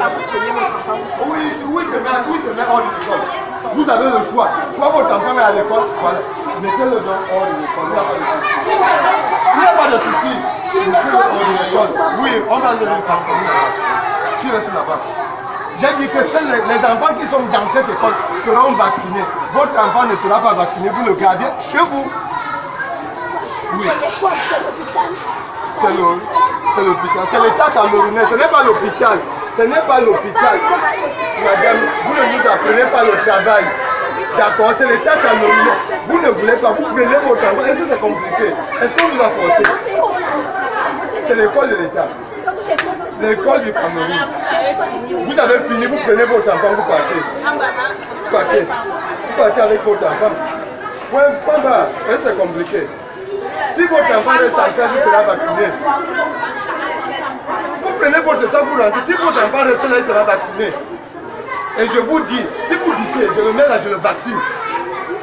Oui, oui c'est bien, oui, c'est hors de l'école. Vous avez le choix. Soit votre enfant est à l'école, voilà. mettez-le dans hors de l'école. Il n'y a pas de souci. hors l'école. Oui, on a le enfants. Qui reste là-bas j'ai dit que les, les, enfants qui sont dans cette école seront vaccinés. Votre enfant ne sera pas vacciné, vous le gardez chez vous. Oui. C'est l'hôpital. C'est l'hôpital. C'est l'État camerounais, ce n'est pas l'hôpital. Ce n'est pas l'hôpital. Madame, vous ne nous apprenez pas le travail. D'accord, c'est l'État qui a Vous ne voulez pas, vous prenez votre enfant. Est-ce que c'est compliqué Est-ce qu'on vous a forcé C'est l'école de l'État. L'école du Cameroun. Vous avez fini, vous prenez votre enfant, vous partez. Vous partez. Vous partez avec votre enfant. Ouais, papa, c'est compliqué. Si votre enfant est en classe, il sera vacciné prenez votre sang, pour rentrez. Si votre enfant reste là, il sera vacciné. Et je vous dis, si vous dites, je le mets là, je le vaccine.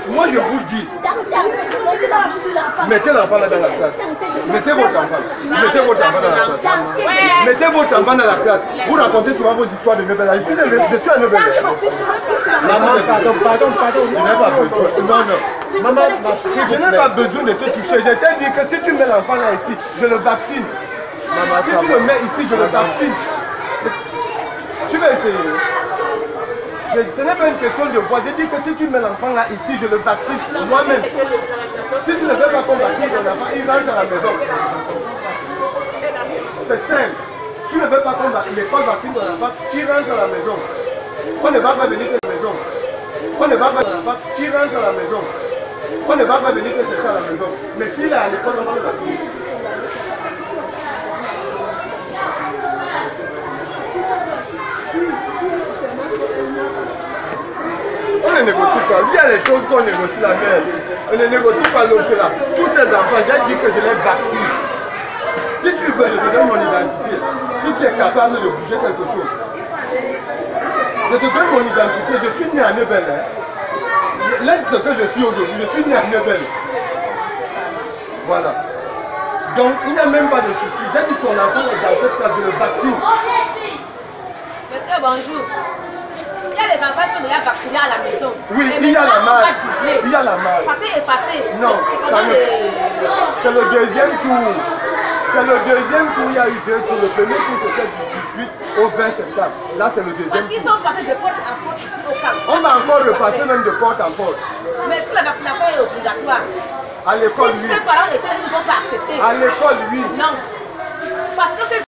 Moi, je vous dis, mettez l'enfant là dans la classe. Mettez votre enfant. Mettez votre enfant dans la classe. Mettez votre enfant dans la classe. Vous racontez souvent vos histoires de nouvelles. Je suis, je suis à Nebel. Maman, pardon, pardon, pardon. Je n'ai pas besoin. Non, non. Maman, je n'ai pas besoin de te toucher. Je t'ai dit que si tu mets l'enfant là ici, je le vaccine si tu le mets ici, je le baptise. Tu veux essayer ce n'est pas une question de voix. Je dis que si tu mets l'enfant là ici, je le baptise moi-même. Si tu ne veux pas combattre ton enfant, il rentre à la maison. C'est simple. Tu ne veux pas combattre, il n'est pas dans ton enfant, il rentre à la maison. Quand ne va pas venir à la maison. On ne va pas venir tu à la maison. On ne va pas venir chercher à la maison. Mais s'il est à l'école, on va le ne négocie pas. Il y a les choses qu'on négocie la mère. On ne négocie pas l'autre là. Tous ces enfants, j'ai dit que je les vaccine. Si tu veux, je te donne mon identité. Si tu es capable de bouger quelque chose. Je te donne mon identité. Je suis né à Nebel. Hein. Laisse ce que je suis aujourd'hui. Je suis né à Nebel. Voilà. Donc, il n'y a même pas de souci. J'ai dit qu'on a dans cette place, de le vaccine. Monsieur, bonjour. Il y a les enfants qui ont déjà vaccinés à la maison. Oui, il y a la masse. Il y a la masse. Ça s'est effacé. Non, c'est le... deuxième tour. C'est le deuxième tour, il y a eu deux Le premier tour, c'était du 18 au 20 septembre. Là, c'est le deuxième Parce qu'ils sont passés de porte en porte ici au camp. On a encore passé même de porte en porte. Mais est-ce que la vaccination est obligatoire À l'école, oui. Si ces parents ne vont pas accepter. À l'école, oui. Non. Parce que c'est...